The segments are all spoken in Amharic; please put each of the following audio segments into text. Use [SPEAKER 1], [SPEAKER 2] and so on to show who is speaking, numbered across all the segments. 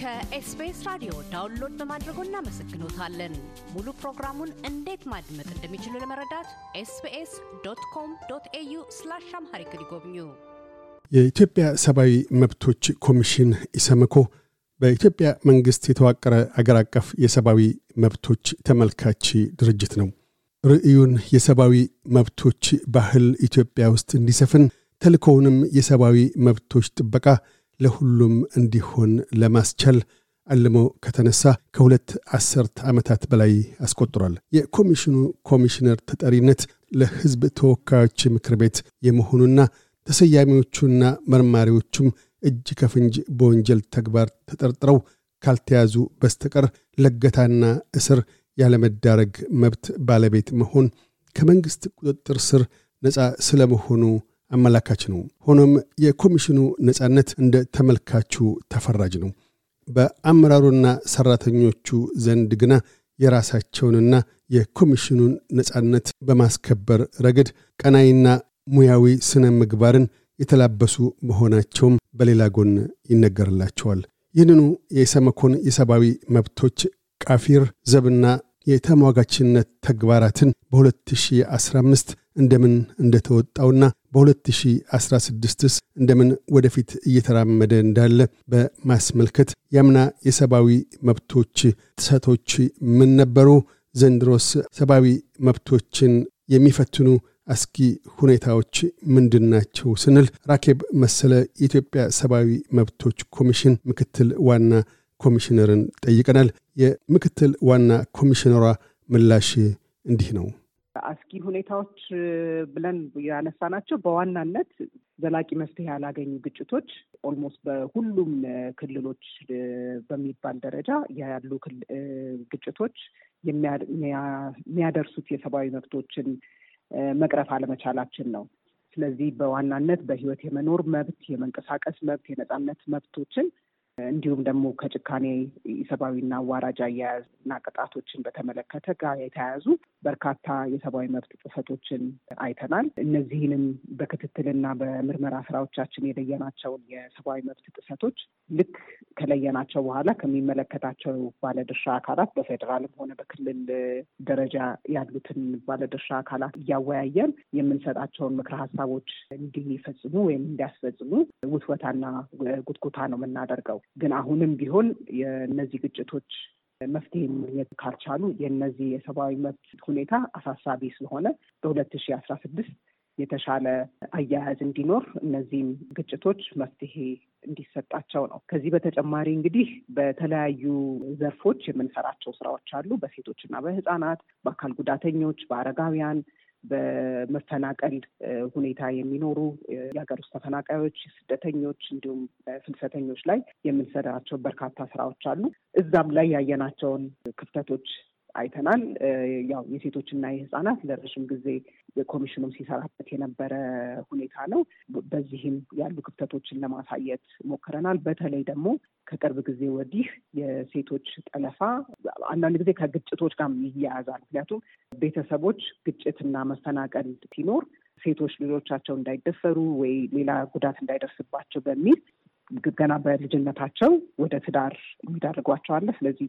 [SPEAKER 1] ከኤስቢኤስ ራዲዮ ዳውንሎድ በማድረጎ እናመሰግኖታለን። ሙሉ ፕሮግራሙን እንዴት ማድመጥ እንደሚችሉ ለመረዳት ኤስቢኤስ ዶት ኮም ዶት ኤዩ ስላሽ አምሃሪክ ይጎብኙ።
[SPEAKER 2] የኢትዮጵያ ሰብአዊ መብቶች ኮሚሽን ኢሰመኮ በኢትዮጵያ መንግሥት የተዋቀረ አገር አቀፍ የሰብአዊ መብቶች ተመልካች ድርጅት ነው። ርእዩን የሰብአዊ መብቶች ባህል ኢትዮጵያ ውስጥ እንዲሰፍን ተልኮውንም የሰብአዊ መብቶች ጥበቃ ለሁሉም እንዲሆን ለማስቻል አልሞ ከተነሳ ከሁለት አስርት ዓመታት በላይ አስቆጥሯል። የኮሚሽኑ ኮሚሽነር ተጠሪነት ለሕዝብ ተወካዮች ምክር ቤት የመሆኑና ተሰያሚዎቹና መርማሪዎቹም እጅ ከፍንጅ በወንጀል ተግባር ተጠርጥረው ካልተያዙ በስተቀር ለገታና እስር ያለመዳረግ መብት ባለቤት መሆን ከመንግሥት ቁጥጥር ስር ነፃ ስለመሆኑ አመላካች ነው። ሆኖም የኮሚሽኑ ነጻነት እንደ ተመልካቹ ተፈራጅ ነው። በአመራሩና ሰራተኞቹ ዘንድ ግና የራሳቸውንና የኮሚሽኑን ነጻነት በማስከበር ረገድ ቀናይና ሙያዊ ስነ ምግባርን የተላበሱ መሆናቸውም በሌላ ጎን ይነገርላቸዋል። ይህንኑ የሰመኮን የሰብአዊ መብቶች ቃፊር ዘብና የተሟጋችነት ተግባራትን በ2015 እንደምን እንደተወጣውና በ2016ስ እንደምን ወደፊት እየተራመደ እንዳለ በማስመልከት ያምና የሰብአዊ መብቶች ጥሰቶች ምን ነበሩ? ዘንድሮስ ሰብአዊ መብቶችን የሚፈትኑ አስኪ ሁኔታዎች ምንድን ናቸው ስንል ራኬብ መሰለ የኢትዮጵያ ሰብአዊ መብቶች ኮሚሽን ምክትል ዋና ኮሚሽነርን ጠይቀናል። የምክትል ዋና ኮሚሽነሯ ምላሽ እንዲህ ነው።
[SPEAKER 1] አስጊ ሁኔታዎች ብለን ያነሳ ናቸው። በዋናነት ዘላቂ መፍትሄ ያላገኙ ግጭቶች ኦልሞስት በሁሉም ክልሎች በሚባል ደረጃ ያሉ ግጭቶች የሚያደርሱት የሰብአዊ መብቶችን መቅረፍ አለመቻላችን ነው። ስለዚህ በዋናነት በህይወት የመኖር መብት፣ የመንቀሳቀስ መብት፣ የነጻነት መብቶችን እንዲሁም ደግሞ ከጭካኔ የሰብአዊና አዋራጅ እና ቅጣቶችን በተመለከተ ጋር የተያያዙ በርካታ የሰብአዊ መብት ጥሰቶችን አይተናል። እነዚህንም በክትትልና በምርመራ ስራዎቻችን የለየናቸውን የሰብአዊ መብት ጥሰቶች ልክ ከለየናቸው በኋላ ከሚመለከታቸው ባለድርሻ አካላት በፌዴራልም ሆነ በክልል ደረጃ ያሉትን ባለድርሻ አካላት እያወያየን የምንሰጣቸውን ምክረ ሀሳቦች እንዲፈጽሙ ወይም እንዲያስፈጽሙ ውትወታና ጉትጉታ ነው የምናደርገው። ግን አሁንም ቢሆን የእነዚህ ግጭቶች መፍትሄ ማግኘት ካልቻሉ የእነዚህ የሰብአዊ መብት ሁኔታ አሳሳቢ ስለሆነ በሁለት ሺ አስራ ስድስት የተሻለ አያያዝ እንዲኖር እነዚህም ግጭቶች መፍትሄ እንዲሰጣቸው ነው። ከዚህ በተጨማሪ እንግዲህ በተለያዩ ዘርፎች የምንሰራቸው ስራዎች አሉ። በሴቶችና በህፃናት፣ በአካል ጉዳተኞች፣ በአረጋውያን በመፈናቀል ሁኔታ የሚኖሩ የሀገር ውስጥ ተፈናቃዮች፣ ስደተኞች እንዲሁም ፍልሰተኞች ላይ የምንሰራቸው በርካታ ስራዎች አሉ። እዛም ላይ ያየናቸውን ክፍተቶች አይተናል። ያው የሴቶችና የህፃናት ለረዥም ጊዜ ኮሚሽኑም ሲሰራበት የነበረ ሁኔታ ነው። በዚህም ያሉ ክፍተቶችን ለማሳየት ሞክረናል። በተለይ ደግሞ ከቅርብ ጊዜ ወዲህ የሴቶች ጠለፋ አንዳንድ ጊዜ ከግጭቶች ጋር ይያያዛል። ምክንያቱም ቤተሰቦች ግጭትና መፈናቀል ሲኖር ሴቶች ልጆቻቸው እንዳይደፈሩ ወይ ሌላ ጉዳት እንዳይደርስባቸው በሚል ገና በልጅነታቸው ወደ ትዳር የሚዳርጓቸው አለ። ስለዚህ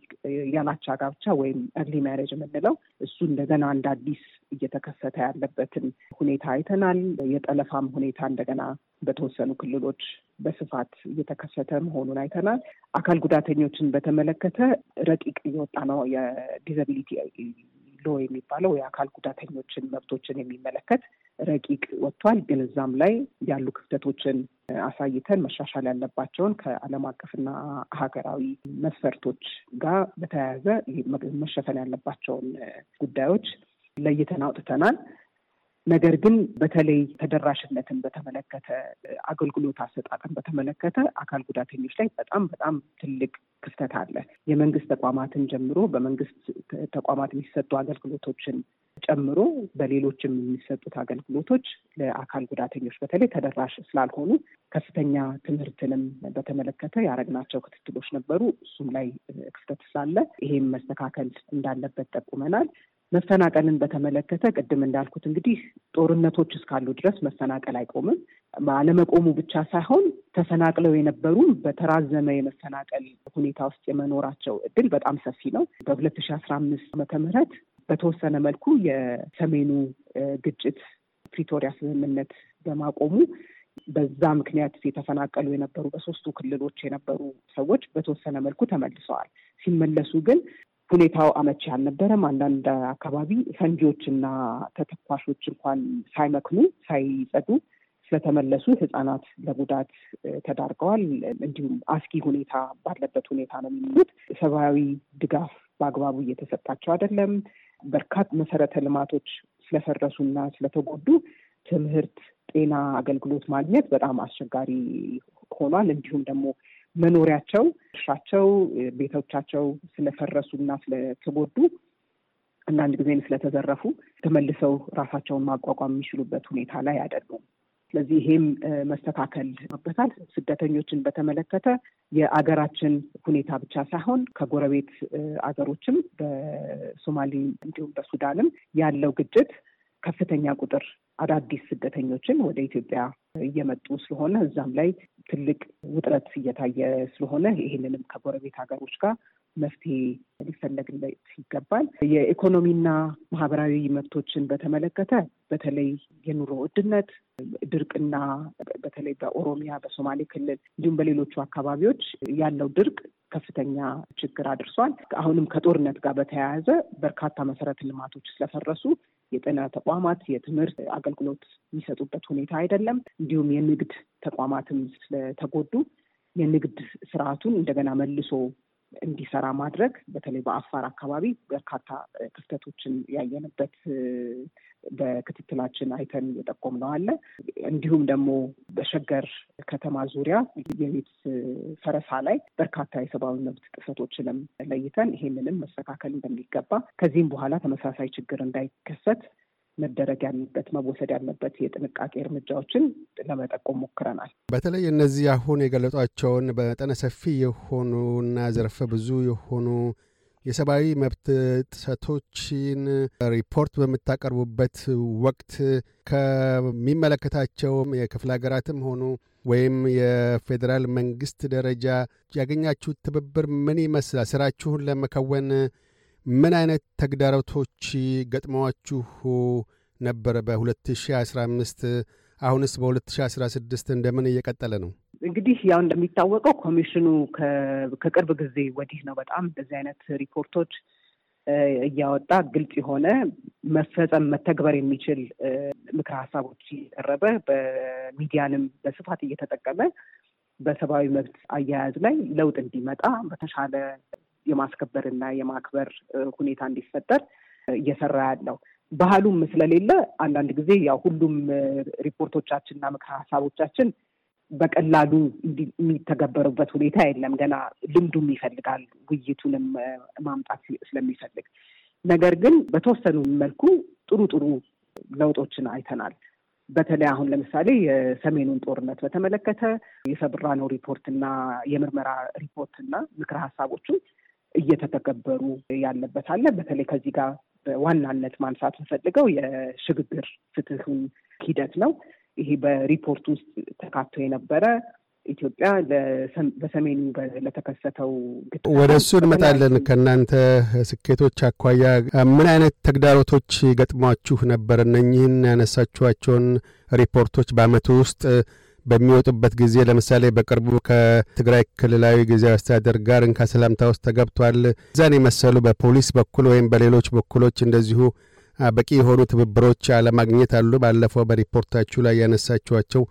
[SPEAKER 1] ያላቻ ጋብቻ ወይም እርሊ ማሬጅ የምንለው እሱ እንደገና እንደ አዲስ እየተከሰተ ያለበትን ሁኔታ አይተናል። የጠለፋም ሁኔታ እንደገና በተወሰኑ ክልሎች በስፋት እየተከሰተ መሆኑን አይተናል። አካል ጉዳተኞችን በተመለከተ ረቂቅ እየወጣ ነው። የዲዛቢሊቲ ሎ የሚባለው የአካል ጉዳተኞችን መብቶችን የሚመለከት ረቂቅ ወጥቷል። ግን እዛም ላይ ያሉ ክፍተቶችን አሳይተን መሻሻል ያለባቸውን ከዓለም አቀፍና ሀገራዊ መስፈርቶች ጋር በተያያዘ መሸፈን ያለባቸውን ጉዳዮች ለይተን አውጥተናል። ነገር ግን በተለይ ተደራሽነትን በተመለከተ አገልግሎት አሰጣጥን በተመለከተ አካል ጉዳተኞች ላይ በጣም በጣም ትልቅ ክፍተት አለ። የመንግስት ተቋማትን ጀምሮ በመንግስት ተቋማት የሚሰጡ አገልግሎቶችን ጨምሮ በሌሎችም የሚሰጡት አገልግሎቶች ለአካል ጉዳተኞች በተለይ ተደራሽ ስላልሆኑ ከፍተኛ ትምህርትንም በተመለከተ ያደረግናቸው ክትትሎች ነበሩ። እሱም ላይ ክፍተት ስላለ ይሄም መስተካከል እንዳለበት ጠቁመናል። መፈናቀልን በተመለከተ ቅድም እንዳልኩት እንግዲህ ጦርነቶች እስካሉ ድረስ መፈናቀል አይቆምም። አለመቆሙ ብቻ ሳይሆን ተፈናቅለው የነበሩም በተራዘመ የመፈናቀል ሁኔታ ውስጥ የመኖራቸው እድል በጣም ሰፊ ነው። በሁለት ሺ አስራ አምስት ዓመተ ምህረት በተወሰነ መልኩ የሰሜኑ ግጭት ፕሪቶሪያ ስምምነት በማቆሙ በዛ ምክንያት የተፈናቀሉ የነበሩ በሶስቱ ክልሎች የነበሩ ሰዎች በተወሰነ መልኩ ተመልሰዋል። ሲመለሱ ግን ሁኔታው አመቺ አልነበረም። አንዳንድ አካባቢ ፈንጂዎችና ተተኳሾች እንኳን ሳይመክኑ ሳይጸዱ ስለተመለሱ ህጻናት ለጉዳት ተዳርገዋል። እንዲሁም አስጊ ሁኔታ ባለበት ሁኔታ ነው የሚሉት። ሰብአዊ ድጋፍ በአግባቡ እየተሰጣቸው አይደለም። በርካታ መሰረተ ልማቶች ስለፈረሱና ስለተጎዱ ትምህርት፣ ጤና አገልግሎት ማግኘት በጣም አስቸጋሪ ሆኗል። እንዲሁም ደግሞ መኖሪያቸው እርሻቸው፣ ቤቶቻቸው ስለፈረሱ እና ስለተጎዱ አንዳንድ ጊዜም ስለተዘረፉ ተመልሰው ራሳቸውን ማቋቋም የሚችሉበት ሁኔታ ላይ አይደሉም። ስለዚህ ይሄም መስተካከል ይኖርበታል። ስደተኞችን በተመለከተ የአገራችን ሁኔታ ብቻ ሳይሆን ከጎረቤት አገሮችም በሶማሌ እንዲሁም በሱዳንም ያለው ግጭት ከፍተኛ ቁጥር አዳዲስ ስደተኞችን ወደ ኢትዮጵያ እየመጡ ስለሆነ እዛም ላይ ትልቅ ውጥረት እየታየ ስለሆነ ይህንንም ከጎረቤት ሀገሮች ጋር መፍትሄ ሊፈለግለት ይገባል። የኢኮኖሚና ማህበራዊ መብቶችን በተመለከተ በተለይ የኑሮ ውድነት፣ ድርቅና በተለይ በኦሮሚያ በሶማሌ ክልል እንዲሁም በሌሎቹ አካባቢዎች ያለው ድርቅ ከፍተኛ ችግር አድርሷል። አሁንም ከጦርነት ጋር በተያያዘ በርካታ መሰረተ ልማቶች ስለፈረሱ የጤና ተቋማት የትምህርት አገልግሎት የሚሰጡበት ሁኔታ አይደለም። እንዲሁም የንግድ ተቋማትም ስለተጎዱ የንግድ ስርዓቱን እንደገና መልሶ እንዲሰራ ማድረግ በተለይ በአፋር አካባቢ በርካታ ክፍተቶችን ያየንበት በክትትላችን አይተን ነው አለ። እንዲሁም ደግሞ በሸገር ከተማ ዙሪያ የቤት ፈረሳ ላይ በርካታ የሰብአዊ መብት ጥሰቶችንም ለይተን ይሄንንም መስተካከል እንደሚገባ ከዚህም በኋላ ተመሳሳይ ችግር እንዳይከሰት መደረግ ያለበት መወሰድ ያለበት የጥንቃቄ እርምጃዎችን ለመጠቆም ሞክረናል።
[SPEAKER 2] በተለይ እነዚህ አሁን የገለጧቸውን በመጠነ ሰፊ የሆኑና ዘርፈ ብዙ የሆኑ የሰብአዊ መብት ጥሰቶችን ሪፖርት በምታቀርቡበት ወቅት ከሚመለከታቸውም የክፍለ ሀገራትም ሆኑ ወይም የፌዴራል መንግስት ደረጃ ያገኛችሁት ትብብር ምን ይመስላል? ስራችሁን ለመከወን ምን አይነት ተግዳሮቶች ገጥመዋችሁ ነበረ በ2015? አሁንስ በ2016 እንደምን እየቀጠለ ነው?
[SPEAKER 1] እንግዲህ ያው እንደሚታወቀው ኮሚሽኑ ከቅርብ ጊዜ ወዲህ ነው በጣም እንደዚህ አይነት ሪፖርቶች እያወጣ ግልጽ የሆነ መፈጸም መተግበር የሚችል ምክረ ሀሳቦች እየቀረበ በሚዲያንም በስፋት እየተጠቀመ በሰብአዊ መብት አያያዝ ላይ ለውጥ እንዲመጣ በተሻለ የማስከበርና የማክበር ሁኔታ እንዲፈጠር እየሰራ ያለው ባህሉም ስለሌለ አንዳንድ ጊዜ ያው ሁሉም ሪፖርቶቻችንና ምክረ ሀሳቦቻችን በቀላሉ የሚተገበሩበት ሁኔታ የለም። ገና ልምዱም ይፈልጋል፣ ውይይቱንም ማምጣት ስለሚፈልግ። ነገር ግን በተወሰኑ መልኩ ጥሩ ጥሩ ለውጦችን አይተናል። በተለይ አሁን ለምሳሌ የሰሜኑን ጦርነት በተመለከተ የሰብራነው ሪፖርትና የምርመራ ሪፖርትና ምክረ ሀሳቦቹ እየተተገበሩ ያለበት አለ። በተለይ ከዚህ ጋር በዋናነት ማንሳት የምፈልገው የሽግግር ፍትህ ሂደት ነው። ይሄ በሪፖርት ውስጥ ተካቶ የነበረ ኢትዮጵያ በሰሜኑ ለተከሰተው ወደ እሱ እንመጣለን።
[SPEAKER 2] ከእናንተ ስኬቶች አኳያ ምን አይነት ተግዳሮቶች ገጥሟችሁ ነበር? እነህን ያነሳችኋቸውን ሪፖርቶች በአመቱ ውስጥ በሚወጡበት ጊዜ ለምሳሌ በቅርቡ ከትግራይ ክልላዊ ጊዜያዊ አስተዳደር ጋር እንካ ሰላምታ ውስጥ ተገብቷል። እዛን የመሰሉ በፖሊስ በኩል ወይም በሌሎች በኩሎች እንደዚሁ በቂ የሆኑ ትብብሮች አለማግኘት አሉ። ባለፈው በሪፖርታችሁ ላይ ያነሳችኋቸው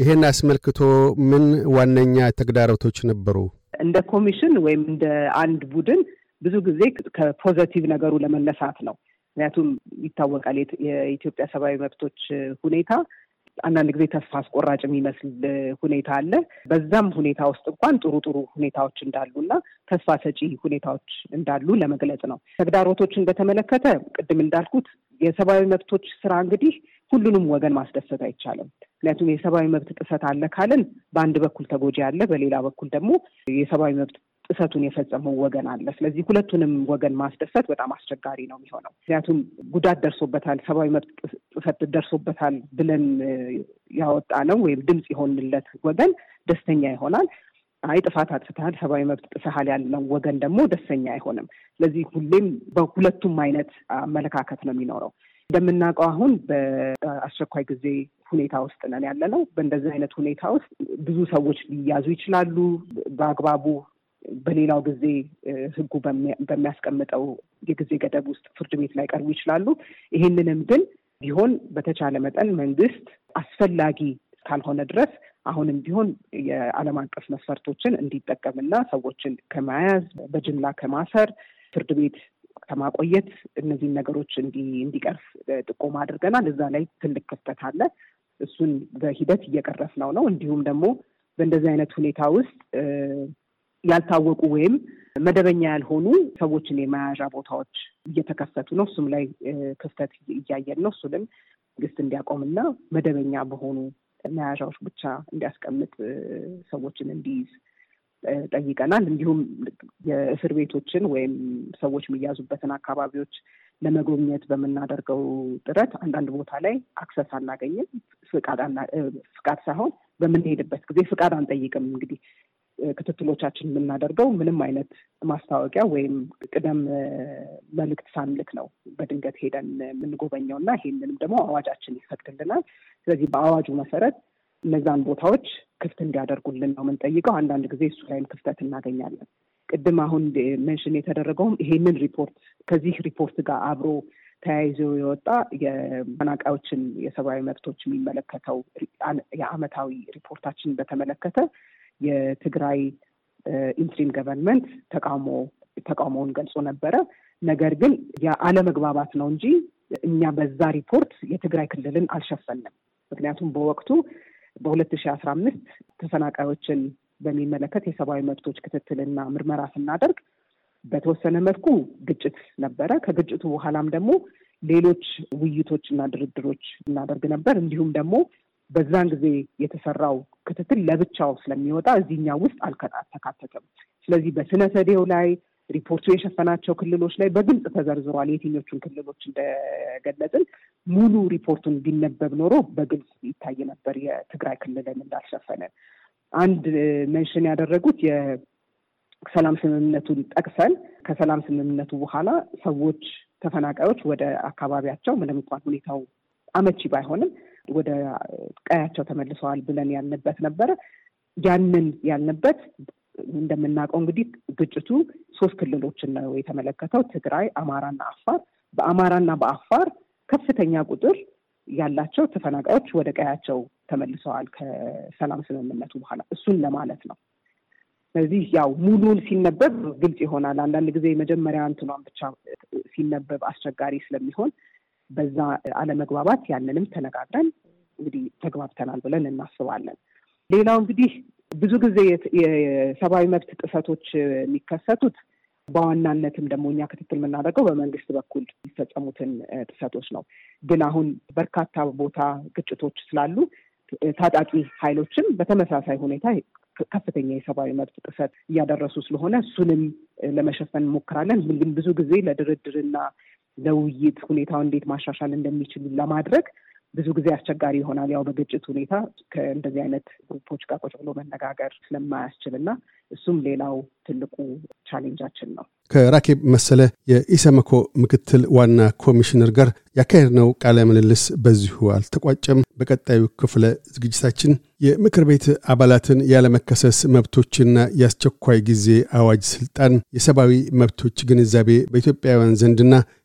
[SPEAKER 2] ይህን አስመልክቶ ምን ዋነኛ ተግዳሮቶች ነበሩ?
[SPEAKER 1] እንደ ኮሚሽን ወይም እንደ አንድ ቡድን ብዙ ጊዜ ከፖዘቲቭ ነገሩ ለመነሳት ነው። ምክንያቱም ይታወቃል የኢትዮጵያ ሰብአዊ መብቶች ሁኔታ አንዳንድ ጊዜ ተስፋ አስቆራጭ የሚመስል ሁኔታ አለ። በዛም ሁኔታ ውስጥ እንኳን ጥሩ ጥሩ ሁኔታዎች እንዳሉና ተስፋ ሰጪ ሁኔታዎች እንዳሉ ለመግለጽ ነው። ተግዳሮቶችን በተመለከተ ቅድም እንዳልኩት የሰብአዊ መብቶች ስራ እንግዲህ ሁሉንም ወገን ማስደሰት አይቻልም። ምክንያቱም የሰብአዊ መብት ጥሰት አለ ካለን በአንድ በኩል ተጎጂ አለ፣ በሌላ በኩል ደግሞ የሰብአዊ መብት ጥሰቱን የፈጸመው ወገን አለ። ስለዚህ ሁለቱንም ወገን ማስደሰት በጣም አስቸጋሪ ነው የሚሆነው። ምክንያቱም ጉዳት ደርሶበታል፣ ሰብአዊ መብት ጥሰት ደርሶበታል ብለን ያወጣ ነው ወይም ድምፅ የሆንለት ወገን ደስተኛ ይሆናል። አይ ጥፋት አጥፍተሃል፣ ሰብአዊ መብት ጥሰሃል ያለው ወገን ደግሞ ደስተኛ አይሆንም። ስለዚህ ሁሌም በሁለቱም አይነት አመለካከት ነው የሚኖረው። እንደምናውቀው አሁን በአስቸኳይ ጊዜ ሁኔታ ውስጥ ነን ያለ ነው። በእንደዚህ አይነት ሁኔታ ውስጥ ብዙ ሰዎች ሊያዙ ይችላሉ። በአግባቡ በሌላው ጊዜ ህጉ በሚያስቀምጠው የጊዜ ገደብ ውስጥ ፍርድ ቤት ላይ ቀርቡ ይችላሉ። ይሄንንም ግን ቢሆን በተቻለ መጠን መንግስት አስፈላጊ ካልሆነ ድረስ አሁንም ቢሆን የዓለም አቀፍ መስፈርቶችን እንዲጠቀምና ሰዎችን ከመያዝ በጅምላ ከማሰር ፍርድ ቤት ከማቆየት እነዚህን ነገሮች እንዲቀርፍ ጥቆማ አድርገናል። እዛ ላይ ትልቅ ክፍተት አለ። እሱን በሂደት እየቀረፍ ነው ነው እንዲሁም ደግሞ በእንደዚህ አይነት ሁኔታ ውስጥ ያልታወቁ ወይም መደበኛ ያልሆኑ ሰዎችን የመያዣ ቦታዎች እየተከሰቱ ነው። እሱም ላይ ክፍተት እያየን ነው። እሱንም መንግስት እንዲያቆምና መደበኛ በሆኑ መያዣዎች ብቻ እንዲያስቀምጥ ሰዎችን እንዲይዝ ጠይቀናል። እንዲሁም የእስር ቤቶችን ወይም ሰዎች የሚያዙበትን አካባቢዎች ለመጎብኘት በምናደርገው ጥረት አንዳንድ ቦታ ላይ አክሰስ አናገኝም። ፍቃድ ሳይሆን በምንሄድበት ጊዜ ፍቃድ አንጠይቅም። እንግዲህ ክትትሎቻችን የምናደርገው ምንም አይነት ማስታወቂያ ወይም ቅደም መልእክት ሳንልክ ነው በድንገት ሄደን የምንጎበኘው እና ይሄንንም ደግሞ አዋጃችን ይፈቅድልናል። ስለዚህ በአዋጁ መሰረት እነዛን ቦታዎች ክፍት እንዲያደርጉልን ነው የምንጠይቀው። አንዳንድ ጊዜ እሱ ላይም ክፍተት እናገኛለን። ቅድም አሁን መንሽን የተደረገውም ይሄንን ሪፖርት ከዚህ ሪፖርት ጋር አብሮ ተያይዞ የወጣ የተፈናቃዮችን የሰብአዊ መብቶች የሚመለከተው የአመታዊ ሪፖርታችን በተመለከተ የትግራይ ኢንትሪም ገቨርንመንት ተቃውሞ ተቃውሞውን ገልጾ ነበረ። ነገር ግን የአለመግባባት ነው እንጂ እኛ በዛ ሪፖርት የትግራይ ክልልን አልሸፈንም። ምክንያቱም በወቅቱ በሁለት ሺ አስራ አምስት ተፈናቃዮችን በሚመለከት የሰብአዊ መብቶች ክትትልና ምርመራ ስናደርግ በተወሰነ መልኩ ግጭት ነበረ። ከግጭቱ በኋላም ደግሞ ሌሎች ውይይቶች እና ድርድሮች እናደርግ ነበር። እንዲሁም ደግሞ በዛን ጊዜ የተሰራው ክትትል ለብቻው ስለሚወጣ እዚህኛው ውስጥ አልተካተተም። ስለዚህ በስነ ላይ ሪፖርቱ የሸፈናቸው ክልሎች ላይ በግልጽ ተዘርዝሯል። የትኞቹን ክልሎች እንደገለጽን ሙሉ ሪፖርቱን ቢነበብ ኖሮ በግልጽ ይታይ ነበር የትግራይ ክልልን እንዳልሸፈነ። አንድ መንሽን ያደረጉት የሰላም ስምምነቱን ጠቅሰን ከሰላም ስምምነቱ በኋላ ሰዎች ተፈናቃዮች ወደ አካባቢያቸው ምንም እንኳን ሁኔታው አመቺ ባይሆንም ወደ ቀያቸው ተመልሰዋል ብለን ያልንበት ነበረ። ያንን ያልንበት እንደምናውቀው እንግዲህ ግጭቱ ሶስት ክልሎችን ነው የተመለከተው፣ ትግራይ፣ አማራና አፋር። በአማራና በአፋር ከፍተኛ ቁጥር ያላቸው ተፈናቃዮች ወደ ቀያቸው ተመልሰዋል ከሰላም ስምምነቱ በኋላ እሱን ለማለት ነው። ስለዚህ ያው ሙሉን ሲነበብ ግልጽ ይሆናል። አንዳንድ ጊዜ መጀመሪያ እንትኗን ብቻ ሲነበብ አስቸጋሪ ስለሚሆን በዛ አለመግባባት ያንንም ተነጋግረን እንግዲህ ተግባብተናል ብለን እናስባለን። ሌላው እንግዲህ ብዙ ጊዜ የሰብአዊ መብት ጥሰቶች የሚከሰቱት በዋናነትም ደግሞ እኛ ክትትል የምናደርገው በመንግስት በኩል የሚፈጸሙትን ጥሰቶች ነው። ግን አሁን በርካታ ቦታ ግጭቶች ስላሉ ታጣቂ ኃይሎችም በተመሳሳይ ሁኔታ ከፍተኛ የሰብአዊ መብት ጥሰት እያደረሱ ስለሆነ እሱንም ለመሸፈን እንሞክራለን። ግን ብዙ ጊዜ ለድርድርና ለውይይት ሁኔታው እንዴት ማሻሻል እንደሚችሉ ለማድረግ ብዙ ጊዜ አስቸጋሪ ይሆናል። ያው በግጭት ሁኔታ ከእንደዚህ አይነት ግሩፖች ጋር ቁጭ ብሎ መነጋገር ስለማያስችል እና እሱም ሌላው ትልቁ ቻሌንጃችን ነው።
[SPEAKER 2] ከራኬብ መሰለ የኢሰመኮ ምክትል ዋና ኮሚሽነር ጋር ያካሄድነው ቃለ ምልልስ በዚሁ አልተቋጨም። በቀጣዩ ክፍለ ዝግጅታችን የምክር ቤት አባላትን ያለመከሰስ መብቶችና የአስቸኳይ ጊዜ አዋጅ ስልጣን፣ የሰብአዊ መብቶች ግንዛቤ በኢትዮጵያውያን ዘንድና